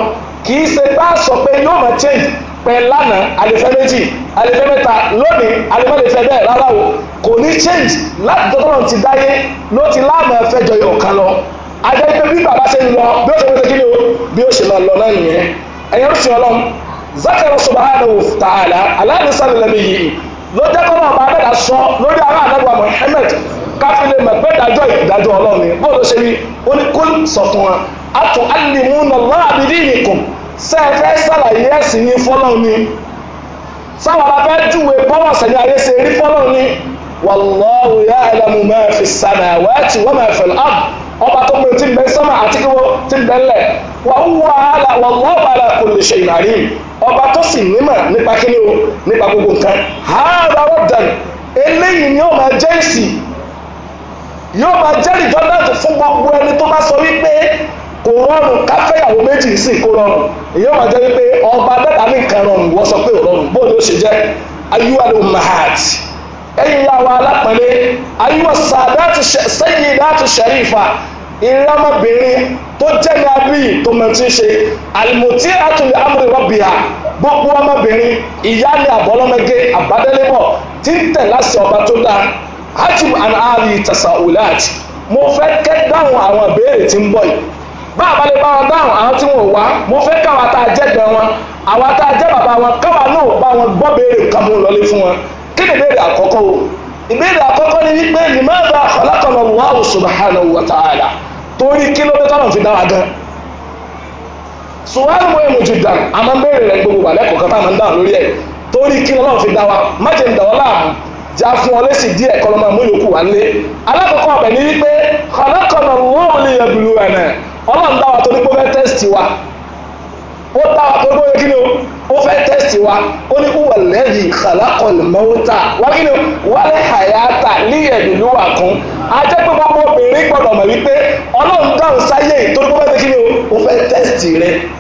kì í ṣe bá sọ pé yóò máa change pẹ́ lánàá alẹ́fẹ́ méjì alẹ́fẹ́ mẹ́ta lónìí alẹ́fẹ́ bẹ́ẹ̀ rárá o kò ní change láti tọ́tọ́rọ̀ ti dáyé ló ti láàmú ẹ̀fẹ́ jọyọ̀ kan lọ ajẹ́ pé bí bàbá ṣe ń lọ bí ó ṣe wọ́n ṣe kí ni o bí ó ṣe lọ lọ náà nìyẹn ẹ̀yẹ́ ló sì ọlọ́m zakara subhanahu ta'ala aláàdínsálẹ̀lẹ́mí yìí ló jẹ́ kọ́ náà máa lórí ará àdágbà Muhammad káfílẹ̀ mọ̀ pé dájọ́ ìdájọ́ bó ló ṣe rí ó sọ fún wa àtún alìmúnà láàbí ṣé ẹ fẹ́ ṣàlàyé ẹ̀sìn yín fọ́lọ́run ni sáwọn bá fẹ́ júwe bọ́lọ̀ sẹ̀yìn ayé ṣe rí fọ́lọ́run ni wallahu ya'lamu ma fi samawati wa ma fil ard ọba tó pé tí ń bẹ sọ́mà àti kíwọ́ tí ń bẹ lẹ̀ wà ń wà kò rọrùn káfẹ́yàwó méjì sí kò rọrùn èyí wà jẹ́ wípé ọba dada ní nǹkan rọrùn wọ́n sọ pé rọrùn bóyá ó ṣe jẹ́ ayúwàlú mahat ẹ̀yìn ya alápẹ̀lẹ́ ayúwà sẹ́yìn láti ṣẹ̀rífà ìrámọ́bìnrin tó jẹ́ ní abí tó mọ̀ tí ń ṣe àlùmọ̀tí rọ́bìà gbogbo ọmọbìnrin ìyá ọba tó dáa and ali mo fẹ́ kẹ́ dáhùn àwọn tí ń bọ̀ bá àbálẹ̀ bá wọn dáhùn àwọn tí wọn ò wá mo fẹ́ káwa tá a wọn àwa tá a jẹ́ bàbá wọn káwa náà bá wọn gbọ́ béèrè kan lọlé fún wọn kí ni àkọ́kọ́ o ìbéèrè àkọ́kọ́ ni wípé limadha khalaqana Allahu subhanahu torí kí ló dé tọ́lọ̀ fi dára gan sùwárù já fún ọ lẹ́sìn díẹ̀ kọ́ ló máa mú yòókù wá lé alákọ̀ọ́kọ́ ọ̀bẹ ní wípé kọ̀nàkọ̀nà lóòrùn lè yẹ bùlù ẹ̀nà ọlọ́run dá wa torí pé ó fẹ́ tẹ́sítì wa ó dá wa torí pé ó yẹ kí ni ó fẹ́ tẹ́sítì wa ó ní wọ́n lẹ́yìn kọ̀nàkọ̀nà mọ́wútà wá kí ni wọ́n lẹ́ àyàtà líyẹ̀ bùlù wà kún ajẹ́ pé gbogbo obìnrin gbọ́dọ̀ mọ̀ wípé ọlọ́run dáhùn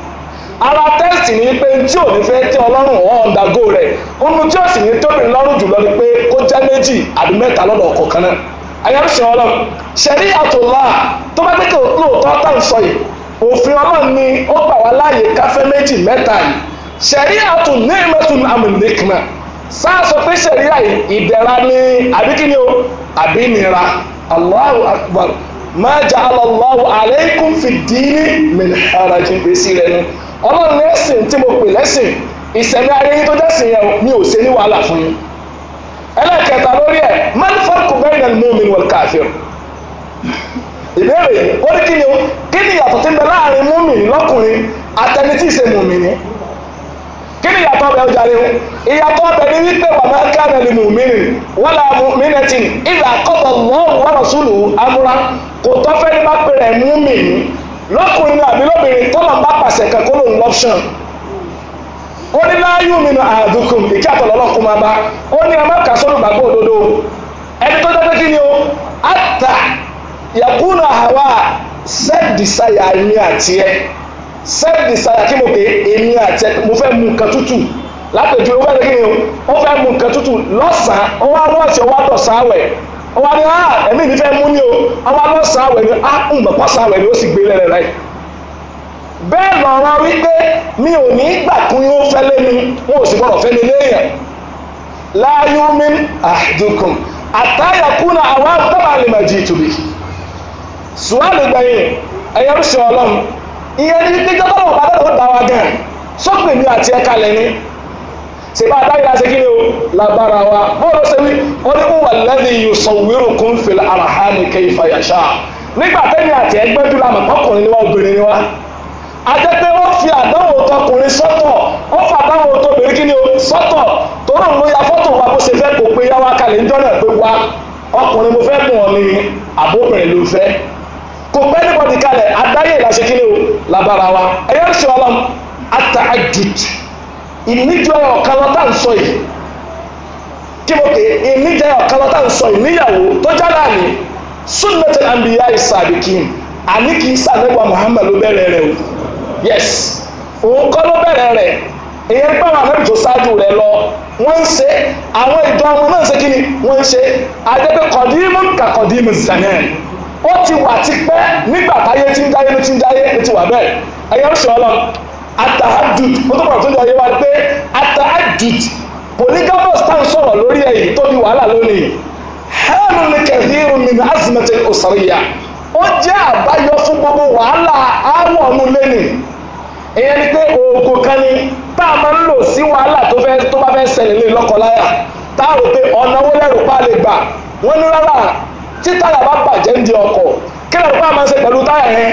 ara tẹ́sì ni pé tí ò ní fẹ́ tí ọlọ́run ọ̀ ọ̀ndàgó rẹ̀ ohun tí ó sì ní tóbìnrin lọ́rùn jùlọ ni pé kó jẹ́ méjì àbí mẹ́ta lọ́dọ̀ ọkọ kan náà ayọ́sẹ̀ ọlọ́run ṣẹ̀rí àtòlá tó bá dẹ́kẹ̀ lóòótọ́ tá ń sọ yìí òfin ọlọ́run ni ó gbà wá láàyè káfẹ́ méjì mẹ́ta yìí ṣẹ̀rí àtún ní ìmọ̀tún amúnìkìmọ̀ sáà pé ṣẹ̀rí ìdẹ̀ra ni àbí kí ni o àbí nira Allahu akbar ma ja'ala Allahu alaykum fid dini min harajin gbèsè rẹ̀ nù ọlọ́run ẹ̀sìn tí mo pè lẹ́sìn ìsẹ̀mí ayé yín tó jẹ́sìn yẹn mi ò ṣe ní wàhálà fún yín ẹlẹ́kẹta lórí ẹ̀ man farku bainal mu'min wal kafir ìbéèrè ó ní kí ni kí ni ìyàtọ̀ tí ń bẹ láàrin múmìnì lọ́kùnrin àtẹni tí ì ṣe múmìnì kí ni ìyàtọ̀ ọbẹ̀ ọjà rẹ̀ ìyàtọ̀ ọbẹ̀ ní wípé wà máa ká ẹ̀rẹ̀ múmìnì wọ́n là múmìnì tí ìlà kọ́tọ̀ lọ́wọ́ wọ́n rọ̀ sùlù amúra kò tọ́ fẹ́ ní bá pẹ̀rẹ̀ múmìnì lọ́kùnrin àbí lóbìnrin tọ́lọ̀ bá pàṣẹ kan kó lòun lọ́pṣọ̀n ó ní láyé òmìnira àdúkùn ìkí àtọ̀lọ́lọ́kùn máa bá ó ní ọmọ kà gbàgbọ́ òdodo ẹni tó kí ni o àtà ya hawa self èmi àti ẹ kí mo mu nǹkan tútù ó fẹ́ ọwọ́ ni ah ẹ̀mí mi fẹ́ mú ní o ọwọ́ lọ sàwẹ̀ ni ah ń mọ̀ pọ̀ sàwẹ̀ ni ó sì gbé lẹ́rẹ̀ rẹ̀ bẹ́ẹ̀ lọ́rọ̀ wípé mi ò ní gbà kún yóò fẹ́ lẹ́nu wọn ò sì gbọ́dọ̀ fẹ́ ni léèyàn láyé mi àdùkùn àtàyàkúnà àwọn àbúrò àlèmọ̀jì ìtòbí sùwárì gbẹ̀yìn ẹ̀yẹ́rú sí ọlọ́run ìyẹn ní pípẹ́ tọ́lọ́wọ́ bá dẹ́rọ̀ dá wa gan sópin ní àti ẹ̀ka lẹ́ni sèpá àtàkìlá ṣe kí ni o lágbára wa bọ́ọ̀lù ṣe wí ó ní wà lẹ́ni yusawwirukum fil arhami kayfa yasha nígbà tẹ́lẹ̀ àti ẹgbẹ́jú la mọ̀ ọkùnrin ni wá obìnrin ni wá àtẹ́tẹ́ wọ́n fi àdánwò tọkùnrin sọ́tọ̀ ó fà àdánwò tóbìnrin kí ni o sọ́tọ̀ tóró ló ya fọ́tò wa bó ṣe fẹ́ kó pé yá wa kalẹ̀ níjọ́ náà pé wa ọkùnrin mo fẹ́ mọ̀ ni àbóbìnrin ló fẹ́ kò pẹ́ níbọ̀dì kalẹ̀ àdáyé ìlàṣẹ kí ni o lábára wa ẹ̀yọ́ ṣe ọlọ́m àtàjùd ìníjọ ọ̀kan lọ́tà ń sọ yìí kí mo pè é ìníjọ ọ̀kan lọ́tà ń sọ yìí níyàwó tó jára ní sunnat al-anbiya isabikin àní kì í sàdégbà Muhammad ló bẹ̀rẹ̀ rẹ̀ o yes òun kọ́ ló bẹ̀rẹ̀ rẹ̀ èyí pé àwọn àmì tó ṣáájú rẹ̀ lọ wọ́n ń ṣe àwọn ìjọ àwọn náà ń ṣe kí ni wọ́n ń ṣe àjẹpẹ́ kọ̀dímù kà kọ̀dímù zanen ó ti wà tipẹ́ nígbà táyé tí ń jáyé ló ti ń jáyé ló ti wà bẹ́ẹ̀ ẹ̀yẹ́ ń ṣe ọlọ́run atahajud mo tó pàtó ní ayé wa pé atahajud polygamous tá n sọ̀rọ̀ lórí ẹ̀yìn tó di wàhálà lónìí hẹ́ẹ̀nù ni kẹ̀síìrù mi ní azimẹ̀tì òsàríyà ó jẹ́ àbáyọ fún gbogbo wàhálà àwọn ọ̀nù lẹ́nì ìyẹn ni pé oògùn kan ni tá a máa ń lò sí wàhálà tó bá fẹ́ ṣẹlẹ̀ ní lọ́kọláya tá a rò pé ọ̀nà owó lẹ́rù pa lè gbà wọ́n ní rárá tí táyà bá bàjẹ́ ń di ọkọ̀ kí lẹ́rù pa máa ń ṣe pẹ̀lú táyà yẹn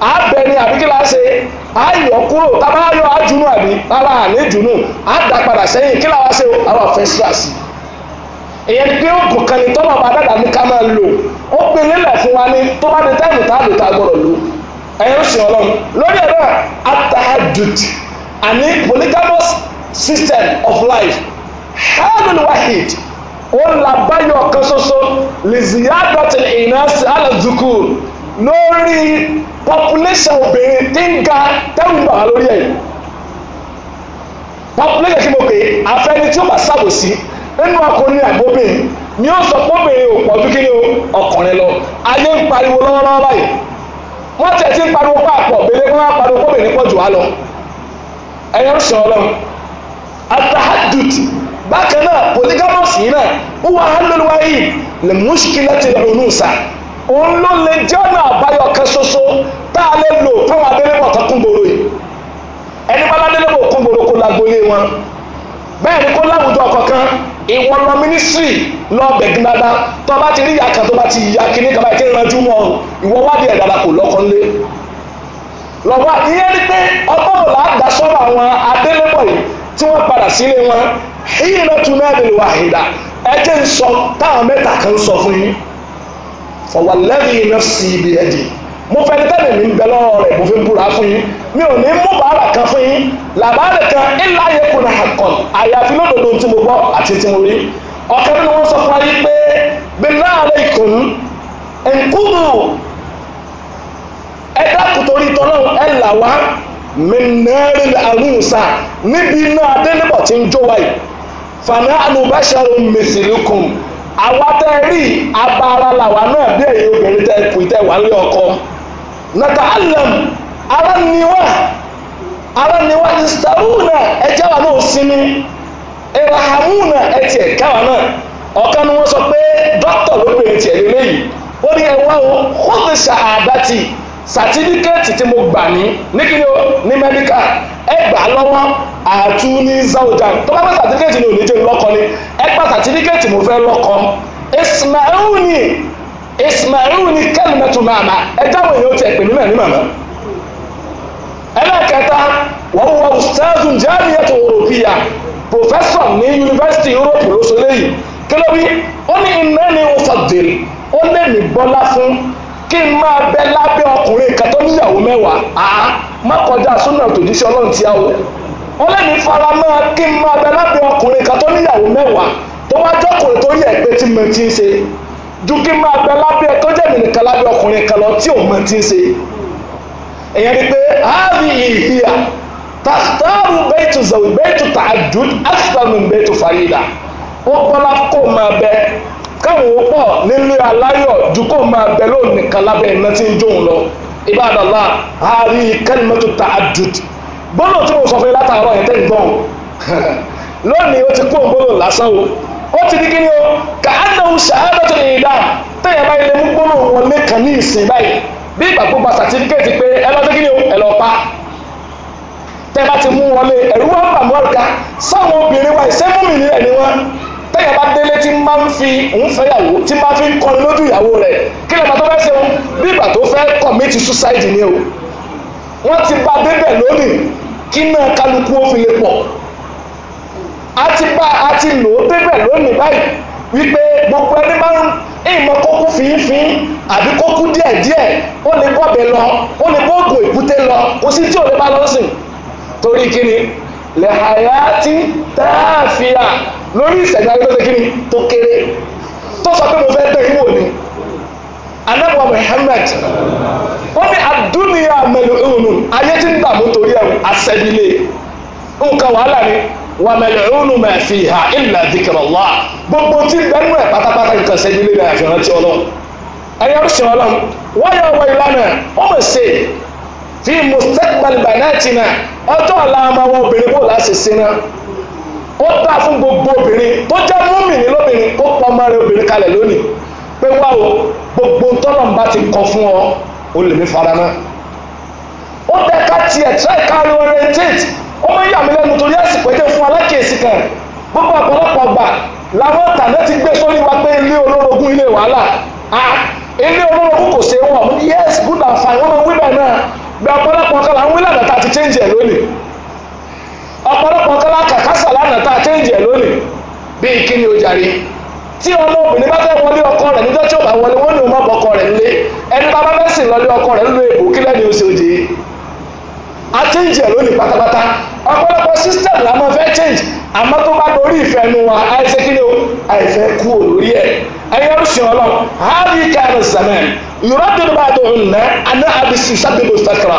á bẹ ni àbí kí la ṣe á yọ kúrò tábà yọ á junú àbí rárá àlè junú á dà padà sẹ́yìn kí la wá ṣe àwọn àfẹsíra sí ìyẹn pé oògùn kan ní tọ́lọ̀ bá dàgbà ní ká máa lò ó pè nílẹ̀ fún wa ní tó bá di táìmù tá a lò tá a gbọ́dọ̀ lò ẹ̀yìn oṣù ọlọ́run lórí ẹ̀rọ atahajud àní polygamous system of life hadul wahid ó làbáyọ̀ kan ṣoṣo lè ziyadatil inas ala zukur lórí population obìnrin tí ń ga tẹ́rù bàbá lórí ẹ̀ population tí mo pè àfẹ́ni tí ó bá ṣàbòsí nínú ọkùnrin àgbóbìnrin ni ó sọ pé obìnrin ò pọ̀ ju kí ni ọkùnrin lọ ayé ń pariwo lọ́wọ́lọ́wọ́ báyìí wọ́n tẹ̀ sí ń pariwo pàpọ̀ bèlè kí wọ́n á pariwo kóbìnrin pọ̀ jù wá lọ ẹ̀yọ́ ń sọ ọlọ́run atahadut bákan náà polygamous yìí náà wọ́n wá lóluwáyé lè mú ṣìkí láti lọ́rùn náà òun ló lè jẹ́ ọ̀nà àbáyọ kan ṣoṣo tá a lè lò fún adélébọ̀ tó kún gbòòrò yìí ẹni bá ládélébọ̀ kún gbòòrò kó lágbolé wọn bẹ́ẹ̀ ni kó láwùjọ kọ̀ọ̀kan ìwọ lọ mínísírì lọ bẹ̀gbìn dáadáa tó bá ti rí ìyá kan tó bá ti ya kíní kan báyìí tí ń ranjú mọ́ ìwọ wádìí ẹ̀ dáadáa kò lọ́kọ́ lé lọ́wọ́ ìyẹn ni pé ọgbọ́n là á da sọ́rọ̀ àwọn adélébọ̀ yìí tí wọ́n padà sílé wọn ìyẹn lọ́tún náà lè wà àhìdá ẹ ń sọ táwọn mẹ́ta kan ń sọ fún yín fọwọ́lẹ́rì nọ́ọ̀sì ibi ẹ̀dì mo fẹ́ tẹ́lẹ̀ mi ń bẹ lọ́wọ́ rẹ̀ mo fi ń búra fún yín mi ò ní mú bàárà kan fún yín làbáàrẹ̀ kan ńlá yẹ kó na àkàn àyàfi lódodo tí mo gbọ́ àti tí mo rí ọ̀kan nínú wọn sọ fún wa yí pé bíná àlẹ́ ìkùn nkúrú ẹ̀dá kùtòrí tọ́lọ́ ẹ̀ là wá mẹ́nẹ́rì àrùnsà níbi iná adélébọ̀ tí ń jó wáyé fàná àlùbáṣà rẹ̀ mẹ́sìlúkùn àwa tẹ́ rí abara làwa náà bí èyí obìnrin tẹ́ kù tẹ́ wà lé ọkọ nàtà alam ara niwa ara niwa istaruna ẹjẹ wa náà sinmi ìràhàmúnà ẹtì ẹ̀ka wa náà ọ̀kan ni wọ́n sọ pé dókítà ló pè é tiẹ̀ lélẹ́yìí ó ní ẹ̀wá o kó ti tì í. satiriketi tí mo gbà ní ní kí ni ní mẹ́díkà ẹ lọ́wọ́ àtú ní zaujan tó bá bá satiriketi ni ò jẹ́ ni ẹ pa mo fẹ́ lọ́kọ ismailuni ismailuni màmá èèyàn ti ní màmá ẹlẹ́kẹta wọ́n wọ ní yunifásitì Europe ló sọ kí ló ó ní kí n máa bẹ lábẹ́ ọkùnrin kan tó níyàwó mẹ́wàá àá má kọjá súnà tòjíṣẹ́ ọlọ́run ti àwọ̀ wọ́n lẹ́ni fara mọ́ kí n máa bẹ lábẹ́ ọkùnrin kan tó níyàwó mẹ́wàá tó wá jọ́kùnrin tó yẹ pé tí mo ti ń ṣe ju kí n máa bẹ lábẹ́ tó jẹ́ mi nìkan lábẹ́ ọkùnrin kan lọ tí ò mọ ti ń ṣe èèyàn ni pé áàbì ìhìyà tàtàrù bẹ́ẹ̀tù zàwì bẹ́ẹ̀tù tààjú àfìtàmù bẹ́ẹ̀tù fàyídà wọ́n kọ́lá kó káwọn ó pọ̀ nílé aláyọ̀ ju kó máa bẹ lóun nìkan lábẹ́ iná tí ń jóun lọ ibadallah àárí kalimatu ta'addud gbọ́dọ̀ tí mo sọ fún yín látàárọ̀ yẹn tẹ́yìn gbọ́n lónìí ó ti kó gbọ́dọ̀ lásán o ó ti di kí ni o kà á náwó ṣàádọ́tò ìdá tẹ́yìn báyìí lè mú gbọ́dọ̀ wọlé kan ní ìsìn báyìí bí ìgbà gbogbo sàtífíkẹ́ẹ̀tì pé ẹ lọ́sẹ̀ kí ni o ẹ lọ pa tẹ́ bá ti mú wọlé ẹ̀rú wọn bà mọ́ ọ̀gá sáwọn obìnrin wa ìṣẹ́fúnmi ni ẹni wọn tẹ́yẹ̀ bá délé tí máa ń fi òun fẹ́yàwó tí máa fi ń kọrin lójú ìyàwó rẹ̀ kí lè bàtọ́ fẹ́ ṣeun bí ìgbà tó fẹ́ kọ̀mítì súsáìdì ni o wọ́n ti bá débẹ̀ lónìí kí náà kálukú ó fi lè pọ̀ a ti bá a ti lò ó débẹ̀ lónìí báyìí wípé gbogbo ẹni máa ń ìmọ̀ kókú fínfín àbí kókú díẹ̀díẹ̀ ó lè bọ̀bẹ̀ lọ ó lè bọ́ọ̀gùn èkúté lọ kò sí tí ò lè bá lọ́sìn torí kíni lẹ́hàyàtì tààfíà lórí ìṣẹ̀dá tó ṣe kíni tó kéré tó sọ pé mo fẹ́ tẹ̀ wò ni anábọ̀ Muhammad ó ní àdúnìyà mẹ́lò ìrùnù ayé tí ń gbà mú torí ẹ̀rù àṣẹ́bílé nǹkan wàhálà ni wà mẹ́lò ìrùnù mà fiha illa dhikrullah gbogbo tí bẹ́nu ẹ̀ pátápátá nǹkan ṣẹ́bílé rẹ̀ àfihàn tí ọlọ́run ẹ̀yọ́ ṣe ọlọ́run wáyọ̀ ọwọ́ ìlànà ọmọ ṣe fi mustaqbal banatina ọjọ́ ọ̀la ọmọ àwọn obìnrin bò láṣìṣe náà ó dá fún gbogbo obìnrin tó jẹ́ múmìnì lóbìnrin kó pọ̀ ọmọ rẹ̀ obìnrin kalẹ̀ lónìí pé wá o gbogbo tọ́lọ̀ ń bá ti kọ fún ọ o lè mi fara náà ó dẹ́ ká tiẹ̀ try carry orientate ó mọ ìyá mi lẹ́nu torí àsìkò ẹ̀jẹ̀ fún alákìyèsí kan gbogbo ọ̀pọ̀lọpọ̀ gbà làwọn tàlẹ́ ti gbé sórí wa pé ilé olórogún ilé wàhálà ah, ilé olórogún kò ṣe wọ̀ yes good and fine wọ́n máa wí bẹ́ẹ̀ náà gba ọ̀pọ̀lọpọ̀ kala láwọn ìlànà tá a ti change ẹ̀ lónìí ọ̀pọ̀lọpọ̀ kan láwọn kàkásà lánàá tá a change ẹ̀ lónìí bí kíni o jàre tí ọmọ obìnrin bá fẹ́ wọlé ọkọ rẹ̀ níjọ́ tí ò bá wọlé wọ́n ní òun mọ̀ ọkọ rẹ̀ nílé ẹni bá bá fẹ́ sìn lọlé ọkọ rẹ̀ nílé èbó kílẹ̀ ni ó ṣe òjì a change ẹ̀ lónìí pátápátá ọ̀pọ̀lọpọ̀ system la máa fẹ́ change àmọ́ tó bá dorí ìfẹ́ nu wa àìsè kí ni o àìfẹ́ kú lórí ẹ̀ ẹ̀yẹ́ ń sìn ọlọ́run hábì kẹrin sẹ́mẹ̀ yòrò tó bá dùn ún ná àná àbísí sábẹ́ bó sẹ́kẹ̀rà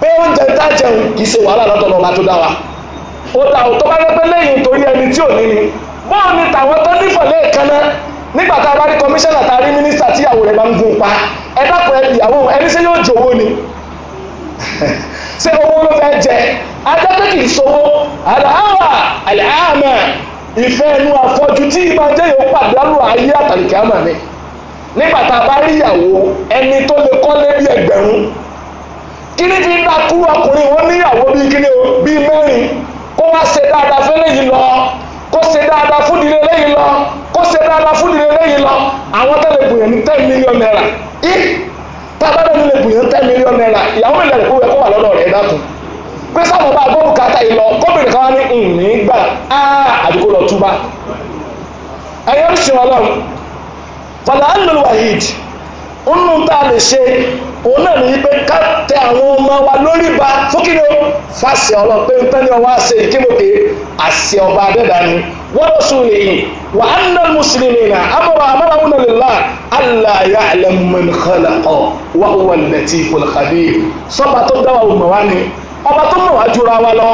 pé oúnjẹ tá jẹun kì í ṣe wàhálà lọ́dọ̀ lọ́ba tó dá wa ó dà ó tó bá yẹ pé lẹ́yìn torí ẹni tí ò ní ni báwo ni tàwọn tó nífọ̀ lẹ́ẹ̀kan náà nígbà tá a bá rí kọmíṣánná tá a rí mínísítà tíyàwó rẹ̀ bá ń gun pa ẹ dákun ẹ ìyàwó ẹni ṣe yóò jẹ ni ṣé owó ló fẹ́ jẹ adájọ́ kì í sọ́wọ́ àlàáwà àlàámà ìfẹ́ ẹnu àfọ́jú tí ìbá yóò pàdé ayé àtàlìkẹ́ mi nígbà tá a bá rí ìyàwó ẹni tó lè kọ́ bí ẹgbẹ̀rún kíní ti ń dákú ọkùnrin wọn níyàwó bíi kíní o bíi mẹ́rin kó wá ṣe dáadáa fún eléyìí lọ kó ṣe dáadáa fún ìdílé eléyìí lọ kó ṣe dáadáa fún ìdílé eléyìí lọ àwọn tẹ́lẹ̀ gbìyàn ní ten million naira i tábà lẹ́nu lè gbìyàn ten million naira ìyàwó mi lẹ́nu kó yẹ kó wà lọ́dọ̀ rẹ̀ dákun pé sáwọn bá gbọ́ bùkátà yìí lọ kọ́bìnrin kan wá ní ìní gbà á àdúgbò lọ túbá ẹ̀yọ́ ń sìn ọlọ́run fàlà á ń lò wáyé nínú tá a lè ṣe òun náà nìyí pé ká tẹ àwọn ọmọ wa lórí ba fúkìlì o fàṣẹ ọlọ́run pé nǹkan ni ọwọ́ àṣẹ ìkéwòkè àṣẹ ọba adẹ́dàáni wọ́n lọ sùn nìyí wà á nà mùsùlùmí nà amọ̀rọ̀ amọ̀rọ̀ wọn lè la aláya alẹ́mọ̀n kọlẹ̀kọ̀ wà wà lẹ́tì kọlẹ̀kàdé sọ́ba tó dáwà ọmọ wa ni ọba tó mọ̀ wá jura wa lọ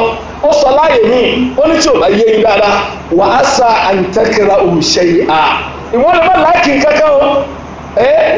ó sọ láàyè mí ó ní tí ò bá yé yín dáadáa wà á sa àǹtẹ́kẹ̀rẹ̀ òṣèyí à ìwọ́n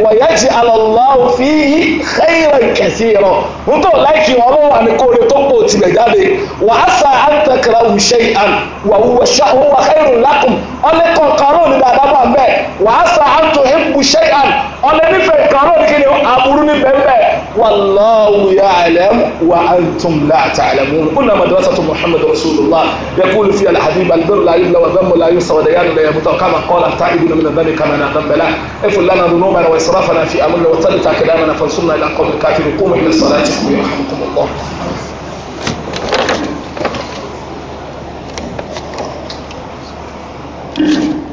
wàyájì alọ́láwò fi yí xeyìrẹ̀ kẹsì rọ̀ nítorí láìkí ọlọ́wọ́ àmì kò lè tó pọ̀ tìlẹ̀ jáde wà á sa àǹtẹ̀kẹ̀rẹ̀ wùṣẹ́ àn wà wùwẹ̀ ṣàwọn wà xeyìrẹ̀ lákùn ọlẹ́ kan kàró ní dáadáa wà mbẹ́ wà á sa àǹtọ̀ ẹ̀kú ṣẹ́ àn ọlẹ́ nífẹ̀ kàró ní kíni àbúrú ní bẹ́ẹ̀ والله يعلم وانتم لا تعلمون قلنا مدرسه محمد رسول الله يقول فيها الحبيب البر لا يبلى والذنب لا ينسى وديان لا يبتى كما قال التائب من كما لا ذنب له اغفر ربنا وإسرافنا في أمرنا وثبت كلامنا فانصرنا إلى قوم الكافر قوموا إلى صلاتكم يرحمكم الله Thank you.